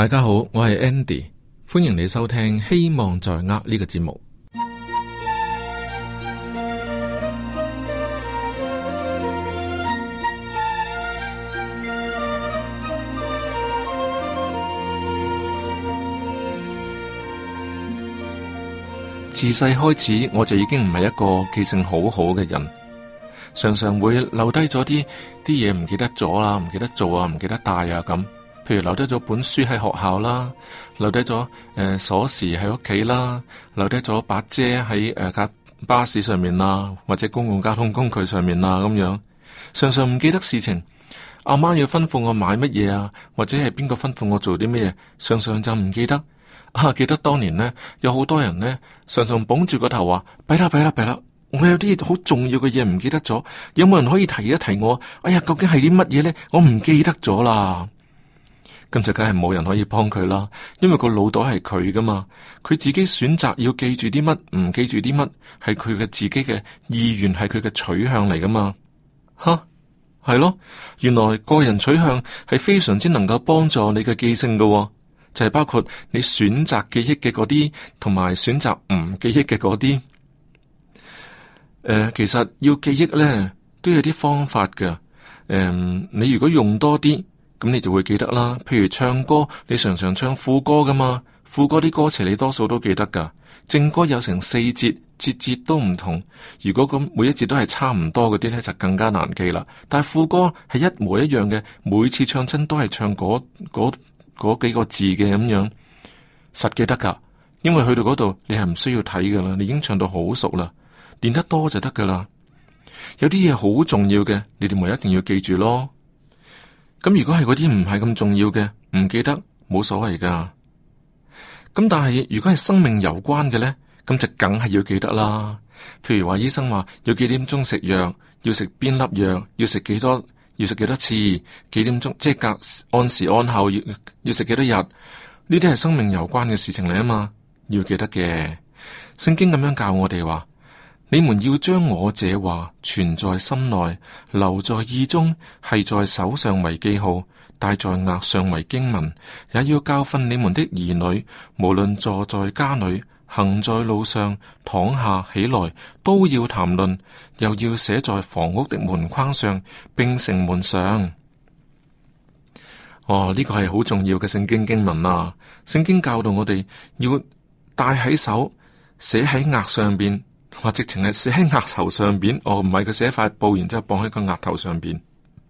大家好，我係 Andy，歡迎你收聽《希望在握》呢個節目。 自細開始，我就已經唔係一個記性好好嘅人，常常會留低咗啲啲嘢唔記得咗啦，唔記得做啊，唔記得帶啊咁。譬如留低咗本書喺學校啦，留低咗誒鎖匙喺屋企啦，留低咗把遮喺誒架巴士上面啦，或者公共交通工具上面啦，咁樣常常唔記得事情。阿媽要吩咐我買乜嘢啊，或者係邊個吩咐我做啲乜嘢，常常就唔記得。啊，記得當年呢，有好多人呢，常常捧住個頭話：弊啦弊啦弊啦，我有啲好重要嘅嘢唔記得咗，有冇人可以提一提我？哎呀，究竟係啲乜嘢呢？我唔記得咗啦。咁就梗係冇人可以幫佢啦，因為個腦袋係佢噶嘛，佢自己選擇要記住啲乜，唔記住啲乜，係佢嘅自己嘅意願，係佢嘅取向嚟噶嘛，吓，係咯，原來個人取向係非常之能夠幫助你嘅記性噶、哦，就係、是、包括你選擇記憶嘅嗰啲，同埋選擇唔記憶嘅嗰啲。誒、呃，其實要記憶咧都有啲方法噶，誒、呃，你如果用多啲。咁你就會記得啦。譬如唱歌，你常常唱副歌噶嘛，副歌啲歌詞你多數都記得噶。正歌有成四節，節節都唔同。如果咁每一節都係差唔多嗰啲咧，就更加難記啦。但係副歌係一模一樣嘅，每次唱親都係唱嗰嗰嗰幾個字嘅咁樣，實記得噶。因為去到嗰度，你係唔需要睇噶啦，你已經唱到好熟啦，練得多就得噶啦。有啲嘢好重要嘅，你哋咪一定要記住咯。咁如果係嗰啲唔係咁重要嘅，唔記得冇所謂噶。咁但係如果係生命有關嘅咧，咁就梗係要記得啦。譬如話醫生話要幾點鐘食藥，要食邊粒藥，要食幾多，要食幾多次，幾點鐘即係隔按時按後要要食幾多日，呢啲係生命有關嘅事情嚟啊嘛，要記得嘅。聖經咁樣教我哋話。你們要將我這話存在心內，留在意中，繫在手上為記號，帶在額上為經文，也要教訓你們的兒女，無論坐在家裏，行在路上，躺下起來，都要談論，又要寫在房屋的門框上，並城門上。哦，呢個係好重要嘅聖經經文啦，啊！聖經教導我哋要帶喺手，寫喺額上邊。我直情係寫喺額頭上邊，哦唔係佢寫塊布，然之後綁喺個額頭上邊，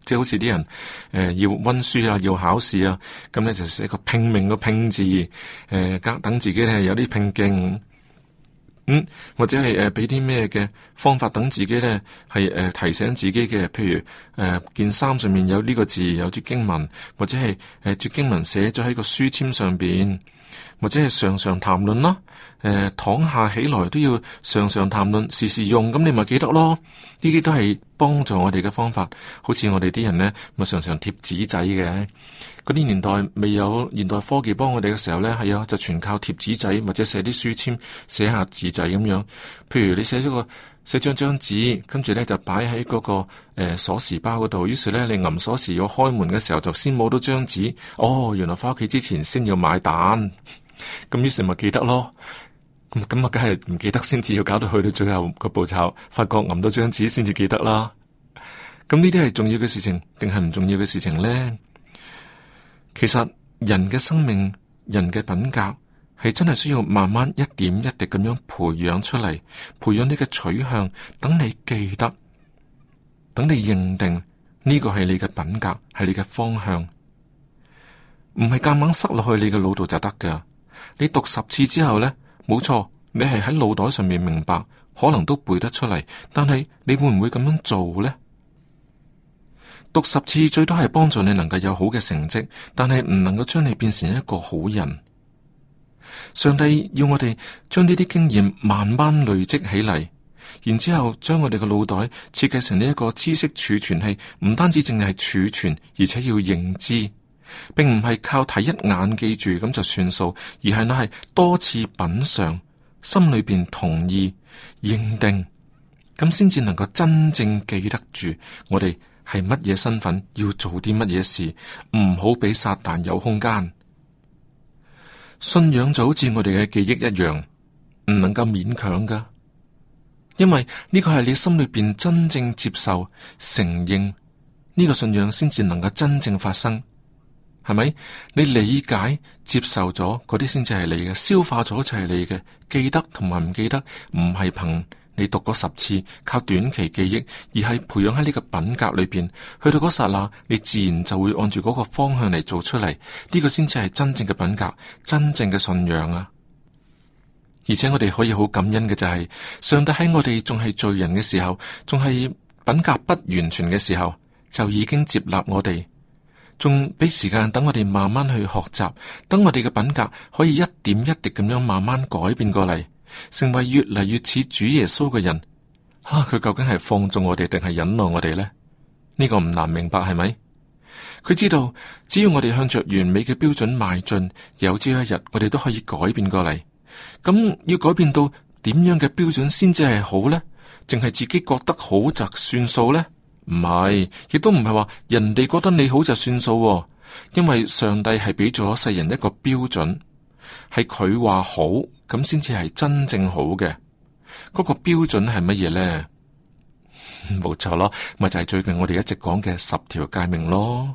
即係好似啲人誒、呃、要溫書啊，要考試啊，咁咧就寫個拼命嘅「拼」字，誒、呃，隔等自己咧有啲拼勁。咁、嗯、或者係誒俾啲咩嘅方法等自己咧係誒提醒自己嘅，譬如誒、啊、件衫上面有呢個字，有啲經文，或者係誒啲經文寫咗喺個書籤上邊，或者係常常談論咯，誒、啊、躺下起來都要常常談論，時時用，咁你咪記得咯，呢啲都係。幫助我哋嘅方法，好似我哋啲人呢咪常常貼紙仔嘅。嗰啲年代未有現代科技幫我哋嘅時候呢，係啊，就全靠貼紙仔或者寫啲書籤，寫下字仔咁樣。譬如你寫咗個寫張張紙，跟住呢就擺喺嗰個誒鎖匙包嗰度。於是呢，你揞鎖匙要開門嘅時候，就先摸到張紙。哦，原來翻屋企之前先要買蛋。咁 於是咪記得咯。咁咁啊，梗係唔記得先至要搞到去到最後個步驟，發覺揞多張紙先至記得啦。咁呢啲係重要嘅事情定係唔重要嘅事情咧？其實人嘅生命、人嘅品格係真係需要慢慢一點一滴咁樣培養出嚟，培養你嘅取向，等你記得，等你認定呢個係你嘅品格，係你嘅方向，唔係夾硬塞落去你嘅腦度就得噶。你讀十次之後咧。冇錯，你係喺腦袋上面明白，可能都背得出嚟，但係你會唔會咁樣做呢？讀十次最多係幫助你能夠有好嘅成績，但係唔能夠將你變成一個好人。上帝要我哋將呢啲經驗慢慢累積起嚟，然之後將我哋嘅腦袋設計成呢一個知識儲存器，唔單止淨係儲存，而且要認知。並唔係靠睇一眼記住咁就算數，而係呢係多次品嘗，心裏邊同意認定，咁先至能夠真正記得住我哋係乜嘢身份，要做啲乜嘢事，唔好畀撒旦有空間。信仰就好似我哋嘅記憶一樣，唔能夠勉強噶，因為呢個係你心裏邊真正接受承認呢個信仰，先至能夠真正發生。係咪？你理解、接受咗嗰啲先至係你嘅，消化咗就係你嘅，記得同埋唔記得，唔係憑你讀過十次靠短期記憶，而係培養喺呢個品格裏邊。去到嗰剎那，你自然就會按住嗰個方向嚟做出嚟。呢個先至係真正嘅品格，真正嘅信仰啊！而且我哋可以好感恩嘅就係，上帝喺我哋仲係罪人嘅時候，仲係品格不完全嘅時候，就已經接納我哋。仲俾時間等我哋慢慢去學習，等我哋嘅品格可以一點一滴咁樣慢慢改變過嚟，成為越嚟越似主耶穌嘅人。啊，佢究竟係放縱我哋，定係忍耐我哋呢？呢個唔難明白，係咪？佢知道，只要我哋向着完美嘅標準邁進，有朝一日我哋都可以改變過嚟。咁要改變到點樣嘅標準先至係好呢？淨係自己覺得好就算數呢？唔係，亦都唔係話人哋覺得你好就算數喎，因為上帝係俾咗世人一個標準，係佢話好咁先至係真正好嘅。嗰個標準係乜嘢咧？冇 錯咯，咪就係最近我哋一直講嘅十條誡命咯。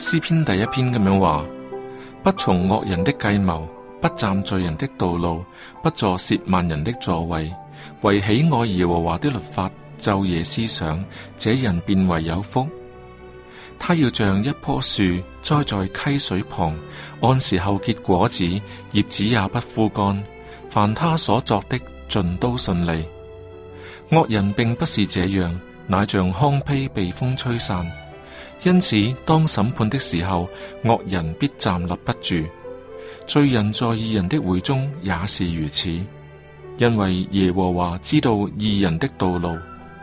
詩篇第一篇咁樣話：不從惡人的計謀，不站罪人的道路，不坐褻慢人的座位，為喜愛耶和華的律法晝夜思想，這人便為有福。他要像一棵樹栽在溪水旁，按時候結果子，葉子也不枯乾。凡他所作的，盡都順利。惡人並不是這樣，乃像糠秕被風吹散。因此，當審判的時候，惡人必站立不住；罪人在義人的會中也是如此。因為耶和華知道義人的道路，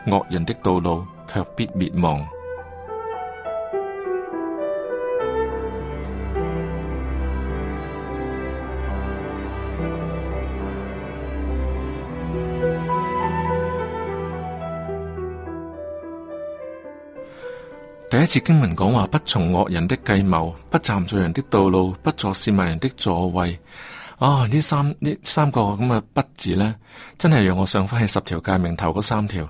惡人的道路卻必滅亡。次經文講話，不從惡人的計謀，不站罪人的道路，不坐褻慢人的座位。啊！呢三呢三個咁嘅不字呢，真係讓我想翻起十條誡命頭嗰三條，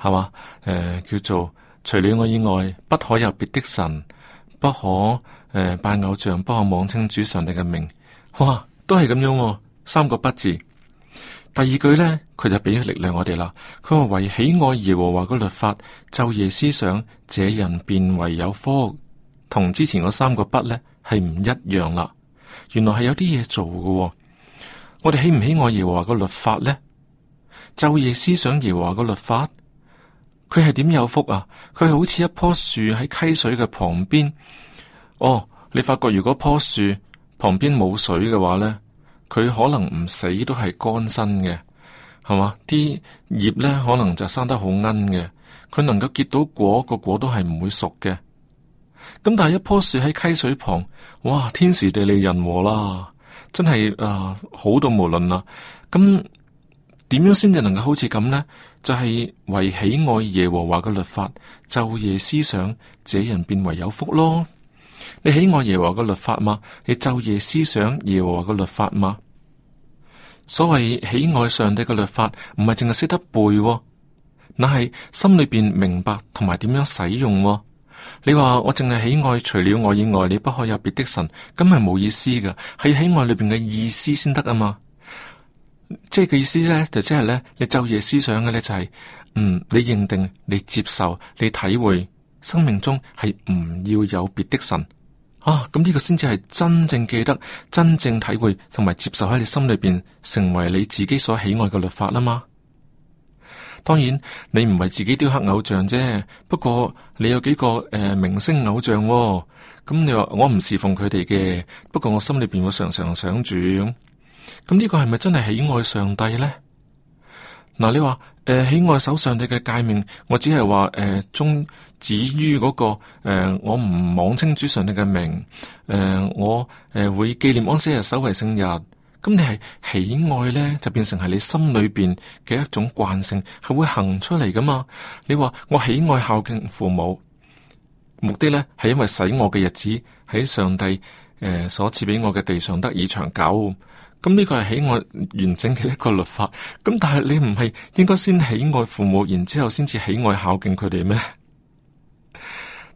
係嘛？誒、呃，叫做除了我以外，不可有別的神，不可誒拜、呃、偶像，不可妄稱主上帝嘅名。哇，都係咁樣、啊，三個不字。第二句呢，佢就畀咗力量我哋啦。佢話唯喜愛耶和華個律法，晝夜思想，這人便為有福。同之前嗰三個筆呢，係唔一樣啦。原來係有啲嘢做嘅，哦。我哋喜唔喜愛耶和華個律法呢？晝夜思想耶和華個律法，佢係點有福啊？佢係好似一棵樹喺溪水嘅旁邊。哦，你發覺如果棵樹旁邊冇水嘅話呢？佢可能唔死都係乾身嘅，係嘛？啲葉咧可能就生得好奀嘅，佢能夠結到果個果，果都係唔會熟嘅。咁但係一棵樹喺溪水旁，哇！天時地利人和啦，真係誒、呃、好到無倫啦。咁、嗯、點樣先至能夠好似咁咧？就係、是、為喜愛耶和華嘅律法，晝夜思想，這人便為有福咯。你喜愛耶和華嘅律法嗎？你晝夜思想耶和華嘅律法嗎？所謂喜愛上帝嘅律法，唔係淨係識得背、哦，那係心裏邊明白同埋點樣使用、哦。你話我淨係喜愛，除了我以外，你不可有別的神，咁係冇意思嘅，係喜愛裏邊嘅意思先得啊嘛。即係嘅意思咧，就即係咧，你晝夜思想嘅咧、就是，就係嗯，你認定，你接受，你體會。生命中係唔要有別的神啊！咁、嗯、呢、這個先至係真正記得、真正體會同埋接受喺你心裏邊，成為你自己所喜愛嘅律法吖嘛。當然你唔係自己雕刻偶像啫，不過你有幾個誒、呃、明星偶像咁、哦嗯，你話我唔侍奉佢哋嘅，不過我心裏邊會常常想住咁，呢、嗯，這個係咪真係喜愛上帝呢？嗱、啊，你話。誒、啊，喜愛守上帝嘅誡命，我只係話，誒、呃，終止於嗰、那個，誒、呃，我唔妄稱主上帝嘅名，誒、呃，我，誒、呃，會紀念安息日、守為聖日。咁你係喜愛咧，就變成係你心裏邊嘅一種慣性，係會行出嚟噶嘛？你話我喜愛孝敬父母，目的咧係因為使我嘅日子喺上帝，誒、呃，所賜俾我嘅地上得以長久。咁呢個係喜愛完整嘅一個律法，咁但係你唔係應該先喜愛父母，然之後先至喜愛孝敬佢哋咩？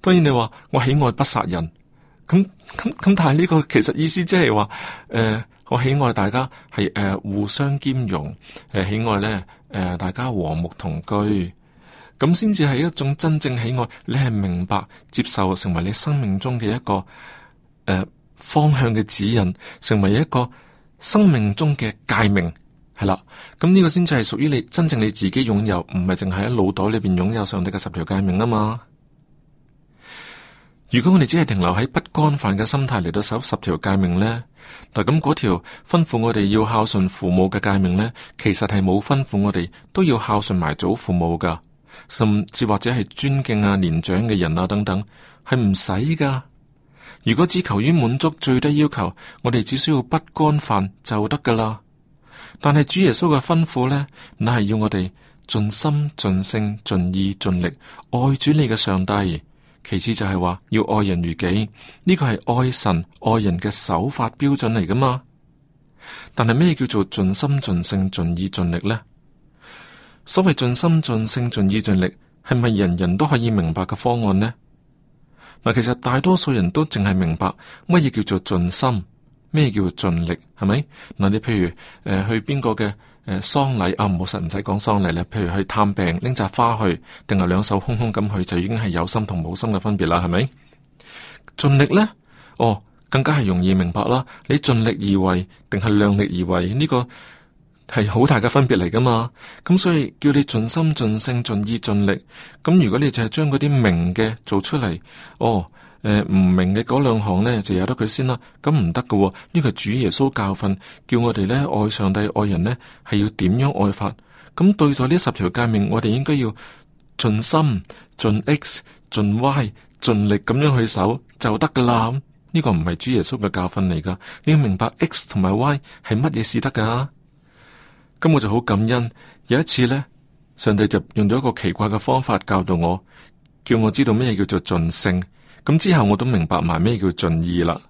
當然你話我喜愛不殺人，咁咁咁，但係呢個其實意思即係話，誒、呃、我喜愛大家係誒、呃、互相兼容，誒、呃、喜愛咧誒、呃、大家和睦同居，咁先至係一種真正喜愛。你係明白接受成為你生命中嘅一個誒、呃、方向嘅指引，成為一個。生命中嘅誡命，係啦，咁呢個先至係屬於你真正你自己擁有，唔係淨係喺腦袋裏邊擁有上帝嘅十條誡命啊嘛。如果我哋只係停留喺不干犯嘅心態嚟到守十條誡命咧，嗱，咁嗰條吩咐我哋要孝順父母嘅誡命咧，其實係冇吩咐我哋都要孝順埋祖父母噶，甚至或者係尊敬啊年長嘅人啊等等，係唔使噶。如果只求於滿足最低要求，我哋只需要不干飯就得噶啦。但係主耶穌嘅吩咐呢，那係要我哋盡心盡性盡意盡力愛主你嘅上帝。其次就係話要愛人如己，呢、這個係愛神愛人嘅守法標準嚟噶嘛。但係咩叫做盡心盡性盡意盡力呢？所謂盡心盡性盡意盡力，係咪人人都可以明白嘅方案呢？嗱，其實大多數人都淨係明白乜嘢叫做盡心，咩嘢叫做盡力，係咪？嗱，你譬如誒、呃、去邊個嘅誒喪禮啊，冇、呃哦、實唔使講喪禮啦，譬如去探病，拎紮花去，定係兩手空空咁去，就已經係有心同冇心嘅分別啦，係咪？盡力咧，哦，更加係容易明白啦。你盡力而為，定係量力而為呢、這個？係好大嘅分別嚟噶嘛？咁所以叫你盡心盡性盡意盡力。咁如果你淨係將嗰啲明嘅做出嚟，哦，誒、呃、唔明嘅嗰兩行咧就由得佢先啦。咁唔得噶，呢、這個主耶穌教訓叫我哋咧愛上帝愛人咧係要點樣愛法？咁對待呢十條誡命，我哋應該要盡心盡 x 盡 y 盡力咁樣去守就得噶啦。呢、這個唔係主耶穌嘅教訓嚟噶，你要明白 x 同埋 y 係乜嘢事得噶、啊。咁我就好感恩。有一次咧，上帝就用咗一個奇怪嘅方法教導我，叫我知道咩叫做盡性。咁之後我都明白埋咩叫盡意啦。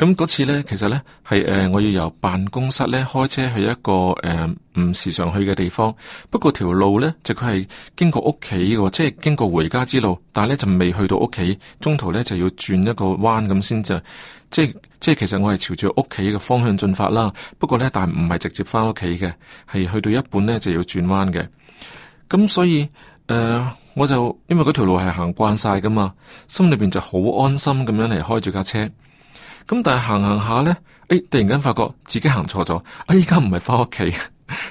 咁嗰次咧，其實咧係誒，我要由辦公室咧開車去一個誒唔、呃、時常去嘅地方。不過條路咧，就佢係經過屋企嘅，即係經過回家之路。但係咧就未去到屋企，中途咧就要轉一個彎咁先就，即係即係其實我係朝住屋企嘅方向進發啦。不過咧，但係唔係直接翻屋企嘅，係去到一半咧就要轉彎嘅。咁所以誒、呃，我就因為嗰條路係行慣晒噶嘛，心裏邊就好安心咁樣嚟開住架車。咁但係行行下咧，誒、哎，突然間發覺自己行錯咗，啊、哎，依家唔係翻屋企，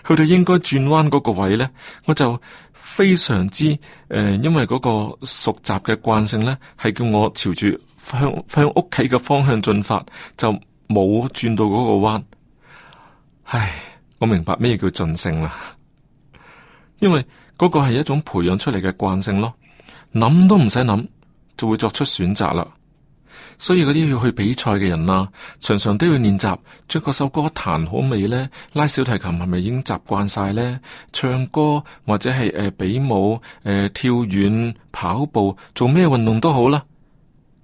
去到應該轉彎嗰個位咧，我就非常之誒、呃，因為嗰個熟習嘅慣性咧，係叫我朝住向向屋企嘅方向進發，就冇轉到嗰個彎。唉，我明白咩叫盡性啦，因為嗰個係一種培養出嚟嘅慣性咯，諗都唔使諗，就會作出選擇啦。所以嗰啲要去比賽嘅人啊，常常都要練習，將嗰首歌彈好未咧？拉小提琴係咪已經習慣晒咧？唱歌或者係誒、呃、比舞、誒、呃、跳遠、跑步，做咩運動都好啦，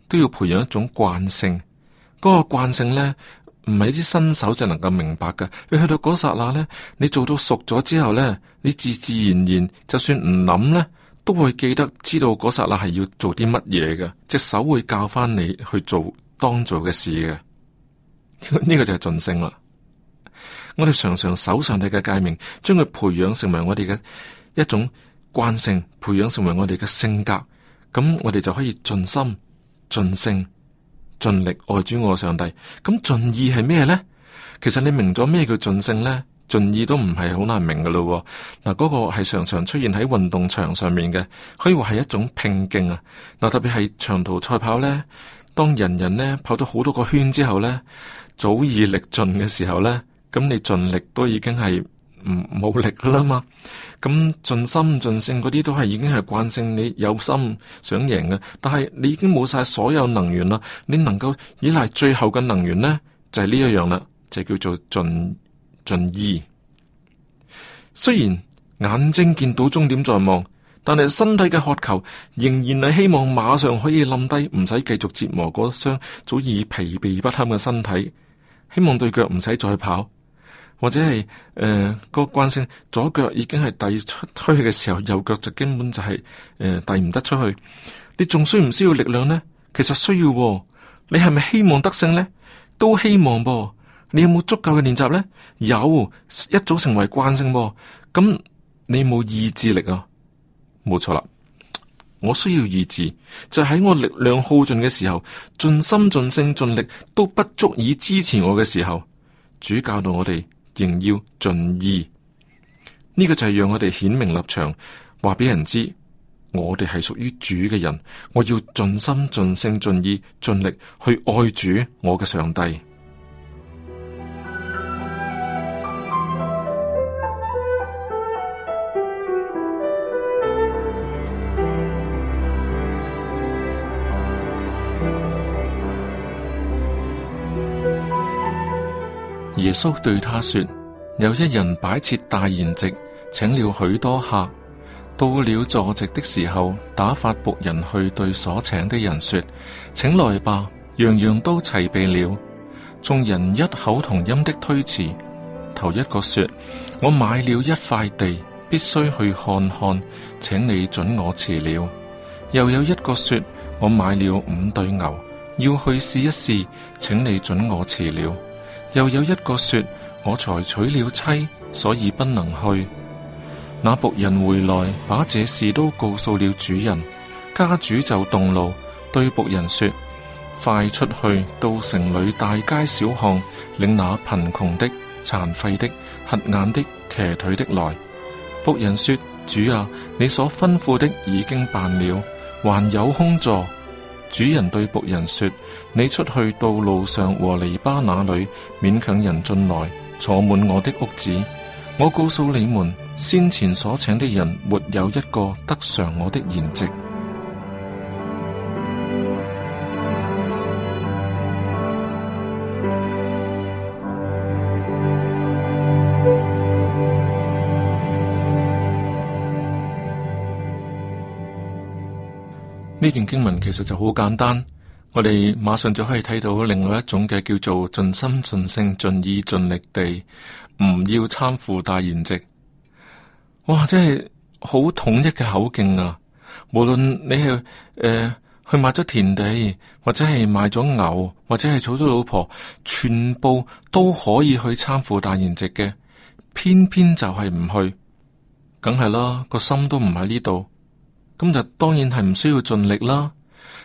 都要培養一種慣性。嗰、嗰個慣性咧，唔係啲新手就能夠明白噶。你去到嗰剎那咧，你做到熟咗之後咧，你自自然然就算唔諗咧，都會記得知道嗰剎那係要做啲乜嘢嘅，隻手會教翻你去做當做嘅事嘅。呢、這個就係盡性啦。我哋常常守上帝嘅誡命，將佢培養成為我哋嘅一種慣性，培養成為我哋嘅性格。咁我哋就可以盡心、盡性、盡力愛主我上帝。咁盡意係咩咧？其實你明咗咩叫盡性咧？盡意都唔係好難明噶咯，嗱嗰、嗰個係常常出現喺運動場上面嘅，可以話係一種拼勁啊！嗱，特別係長途賽跑咧，當人人咧跑咗好多個圈之後咧，早已力盡嘅時候咧，咁你盡力都已經係唔冇力啦嘛。咁、嗯、盡心盡性嗰啲都係已經係慣性，你有心想贏嘅，但係你已經冇晒所有能源啦。你能夠依賴最後嘅能源咧，就係呢一樣啦，就叫做盡。盡意，雖然眼睛見到終點在望，但係身體嘅渴求仍然係希望馬上可以冧低，唔使繼續折磨嗰雙早已疲憊不堪嘅身體。希望對腳唔使再跑，或者係誒、呃嗰個慣性，左腳已經係遞出出去嘅時候，右腳就根本就係誒遞唔得出去。你仲需唔需要力量呢？其實需要、喎。你係咪希望得勝呢？都希望噃。你有冇足夠嘅練習呢？有，一早成為慣性，咁你冇意志力啊？冇錯啦，我需要意志，就喺、是、我力量耗盡嘅時候，盡心盡性盡力都不足以支持我嘅時候，主教導我哋仍要盡意。呢、這個就係讓我哋顯明立場，話俾人知我哋係屬於主嘅人。我要盡心盡性盡意盡力去愛主，我嘅上帝。叔對他說：有一人擺設大筵席，請了許多客。到了坐席的時候，打發僕人去對所請的人說：請來吧，樣樣都齊備了。眾人一口同音的推辭。頭一個說：我買了一塊地，必須去看看，請你准我辭了。又有一個說：我買了五對牛，要去試一試，請你准我辭了。又有一個說：我才娶了妻，所以不能去。那僕人回來，把這事都告訴了主人。家主就動怒，對僕人說：快出去到城裏大街小巷，領那貧窮的、殘廢的、瞎眼的、瘸腿的來。僕人說：主啊，你所吩咐的已經辦了，還有空座。主人對僕人說：你出去到路上和籬笆那裏，勉強人進來，坐滿我的屋子。我告訴你們，先前所請的人沒有一個得嘗我的筵席。呢段經文其實就好簡單，我哋馬上就可以睇到另外一種嘅叫做盡心盡性盡意盡力地，唔要參赴大筵席。哇，真係好統一嘅口徑啊！無論你係誒、呃、去買咗田地，或者係賣咗牛，或者係娶咗老婆，全部都可以去參赴大筵席嘅，偏偏就係唔去，梗係啦，個心都唔喺呢度。咁就當然係唔需要盡力啦，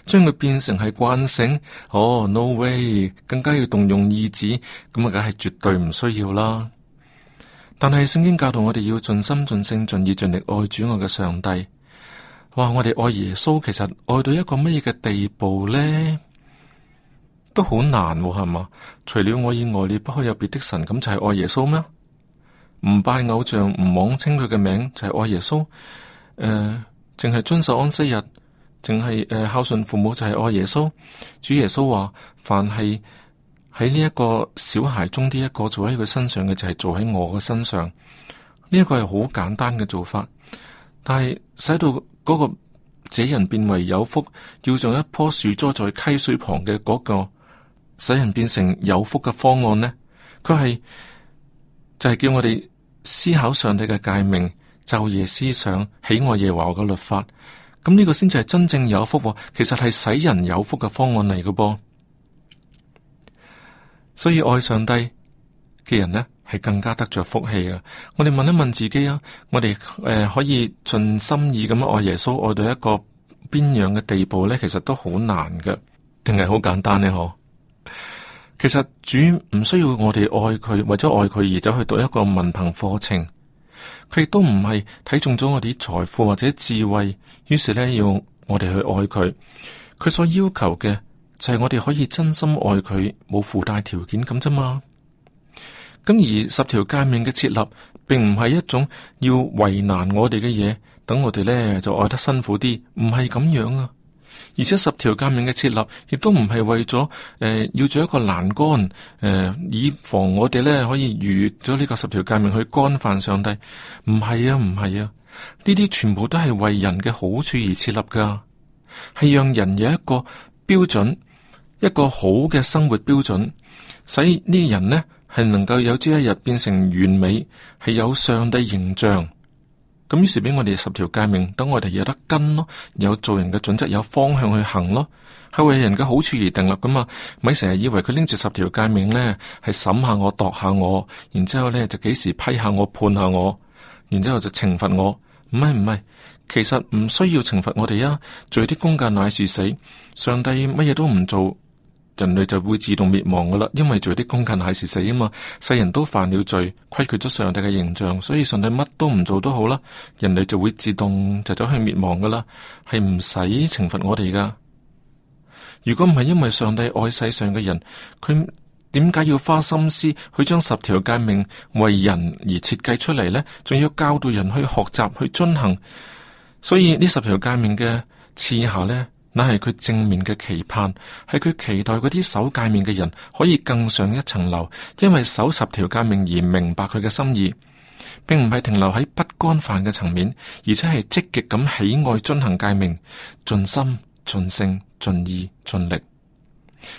將佢變成係慣性。哦、oh，no way，更加要動用意志，咁啊，梗係絕對唔需要啦。但係聖經教導我哋要盡心盡性盡意盡力愛主我嘅上帝。哇，我哋愛耶穌，其實愛到一個乜嘢嘅地步咧，都好難係、啊、嘛？除了我以外，你不可有別的神，咁就係愛耶穌咩？唔拜偶像，唔妄稱佢嘅名，就係、是、愛耶穌。誒、呃。淨係遵守安息日，淨係誒孝順父母就係愛耶穌。主耶穌話：凡係喺呢一個小孩中啲一個做喺佢身上嘅，就係做喺我嘅身上。呢一個係好簡單嘅做法，但係使到嗰個這人變為有福，要像一棵樹栽在溪水旁嘅，嗰、那個，使人變成有福嘅方案呢？佢係就係、是、叫我哋思考上帝嘅誡命。晝夜思想喜愛耶和華嘅律法，咁呢個先至係真正有福。其實係使人有福嘅方案嚟嘅噃。所以愛上帝嘅人呢，係更加得着福氣啊！我哋問一問自己啊，我哋誒、呃、可以盡心意咁樣愛耶穌，愛到一個邊樣嘅地步呢？其實都好難嘅，定係好簡單呢？嗬？其實主唔需要我哋愛佢，為咗愛佢而走去讀一個文憑課程。佢亦都唔係睇中咗我哋財富或者智慧，於是咧要我哋去愛佢。佢所要求嘅就係我哋可以真心愛佢，冇附帶條件咁啫嘛。咁而十條誡命嘅設立，並唔係一種要為難我哋嘅嘢，等我哋咧就愛得辛苦啲，唔係咁樣啊。而且十條誡命嘅設立，亦都唔係為咗誒、呃、要做一個欄杆，誒、呃、以防我哋咧可以逾咗呢個十條誡命去干犯上帝。唔係啊，唔係啊，呢啲全部都係為人嘅好處而設立噶，係讓人有一個標準，一個好嘅生活標準，使呢人呢係能夠有朝一日變成完美，係有上帝形象。咁於是俾我哋十條誡命，等我哋有得跟咯，有做人嘅準則，有方向去行咯，係為人嘅好處而定立噶嘛？咪成日以為佢拎住十條誡命咧，係審下我，度下我，然之後咧就幾時批下我，判下我，然之後就懲罰我？唔係唔係，其實唔需要懲罰我哋啊！罪的工價乃是死，上帝乜嘢都唔做。人類就會自動滅亡噶啦，因為做啲工勤係時死啊嘛，世人都犯了罪，虧缺咗上帝嘅形象，所以上帝乜都唔做都好啦，人類就會自動就走去滅亡噶啦，係唔使懲罰我哋噶。如果唔係因為上帝愛世上嘅人，佢點解要花心思去將十條誡命為人而設計出嚟呢？仲要教導人去學習去遵行，所以呢十條誡命嘅次下呢，那係佢正面嘅期盼，係佢期待嗰啲守誡命嘅人可以更上一層樓，因為守十條誡命而明白佢嘅心意，並唔係停留喺不干犯嘅層面，而且係積極咁喜愛進行誡命，盡心、盡性、盡意、盡力。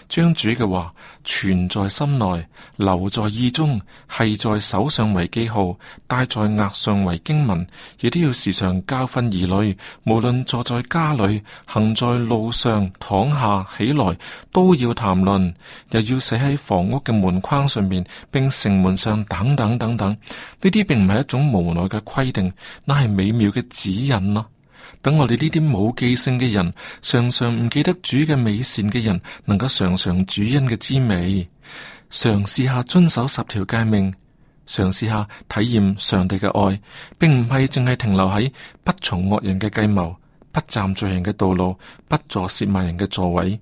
將主嘅話存在心內，留在意中，係在手上為記號，戴在額上為經文，亦都要時常教訓兒女。無論坐在家裏，行在路上，躺下起來，都要談論。又要寫喺房屋嘅門框上面，並城門上等等等等。呢啲並唔係一種無奈嘅規定，那係美妙嘅指引啊！等我哋呢啲冇記性嘅人，常常唔記得主嘅美善嘅人，能夠嚐嚐主恩嘅滋味，嘗試下遵守十條誡命，嘗試下體驗上帝嘅愛，並唔係淨係停留喺不從惡人嘅計謀，不站罪人嘅道路，不坐褻慢人嘅座位。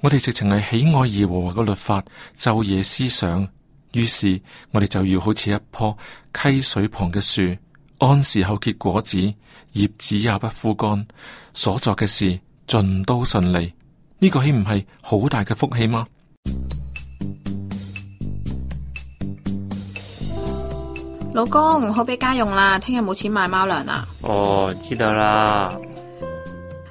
我哋直情係喜愛耶和華嘅律法，晝夜思想。於是，我哋就要好似一棵溪水旁嘅樹。按時候結果子，葉子也不枯乾，所作嘅事盡都順利，呢、這個豈唔係好大嘅福氣嗎？老公，唔好俾家用啦，聽日冇錢買貓糧啦、啊。哦，知道啦。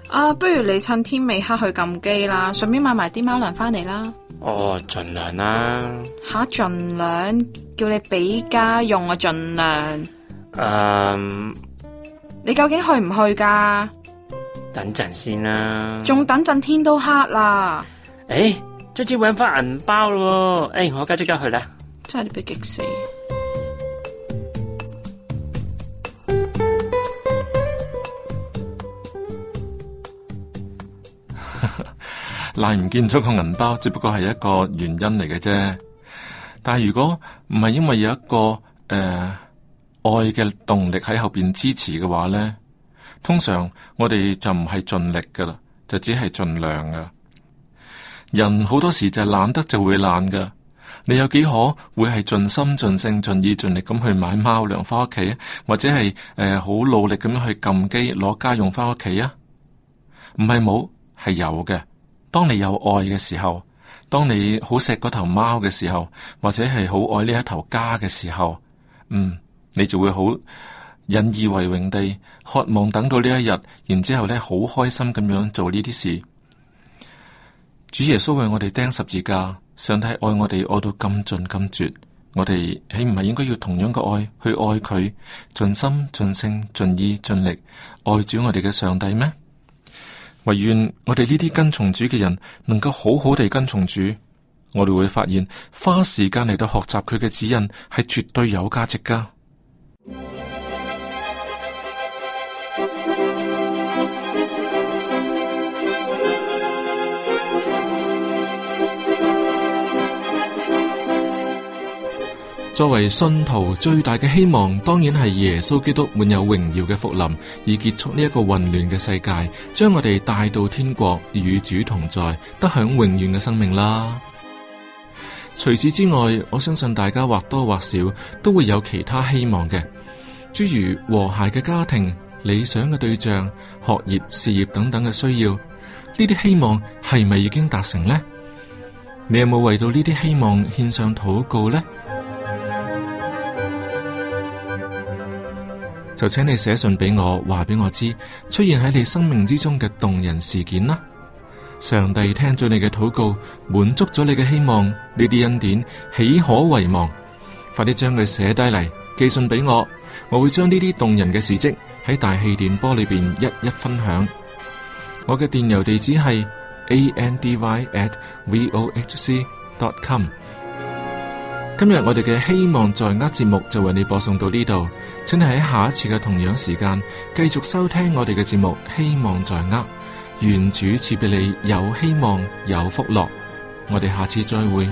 啊，不如你趁天未黑去撳機啦，順便買埋啲貓糧翻嚟啦。哦，盡量啦。吓、啊，盡量叫你俾家用啊，盡量。嗯，um, 你究竟去唔去㗎？等陣先啦、啊。仲等陣天都黑啦。誒、哎，終於搵返銀包咯！誒、哎，我而家即刻去啦。真係你俾激死。賴唔 見咗個銀包，只不過係一個原因嚟嘅啫。但係如果唔係因為有一個誒。呃愛嘅動力喺後邊支持嘅話呢，通常我哋就唔係盡力噶啦，就只係盡量噶人好多時就係懶得就會懶噶你有幾可會係盡心盡性盡意盡力咁去買貓糧翻屋企，或者係誒好努力咁樣去撳機攞家用翻屋企啊？唔係冇，係有嘅。當你有愛嘅時候，當你好錫嗰頭貓嘅時候，或者係好愛呢一頭家嘅時候，嗯。你就會好引以為榮地渴望等到呢一日，然之後咧好開心咁樣做呢啲事。主耶穌為我哋釘十字架，上帝愛我哋愛到咁盡咁絕，我哋豈唔係應該要同樣嘅愛去愛佢，盡心盡性盡意盡力愛主我哋嘅上帝咩？唯願我哋呢啲跟從主嘅人能夠好好地跟從主，我哋會發現花時間嚟到學習佢嘅指引係絕對有價值噶。作為信徒最大嘅希望，當然係耶穌基督滿有榮耀嘅復臨，以結束呢一個混亂嘅世界，將我哋帶到天國，與主同在，得享永遠嘅生命啦。除此之外，我相信大家或多或少都會有其他希望嘅，諸如和諧嘅家庭、理想嘅對象、學業、事業等等嘅需要。呢啲希望係咪已經達成咧？你有冇為到呢啲希望獻上禱告咧？就請你寫信俾我，話俾我知出現喺你生命之中嘅動人事件啦。上帝聽咗你嘅禱告，滿足咗你嘅希望，呢啲恩典豈可遺忘？快啲將佢寫低嚟，寄信俾我，我會將呢啲動人嘅事蹟喺大氣電波裏邊一一分享。我嘅電郵地址係 a n d y at v o h c dot com。今日我哋嘅希望在握節目就為你播送到呢度，請你喺下一次嘅同樣時間繼續收聽我哋嘅節目，希望在握。願主賜俾你有希望有福樂，我哋下次再會。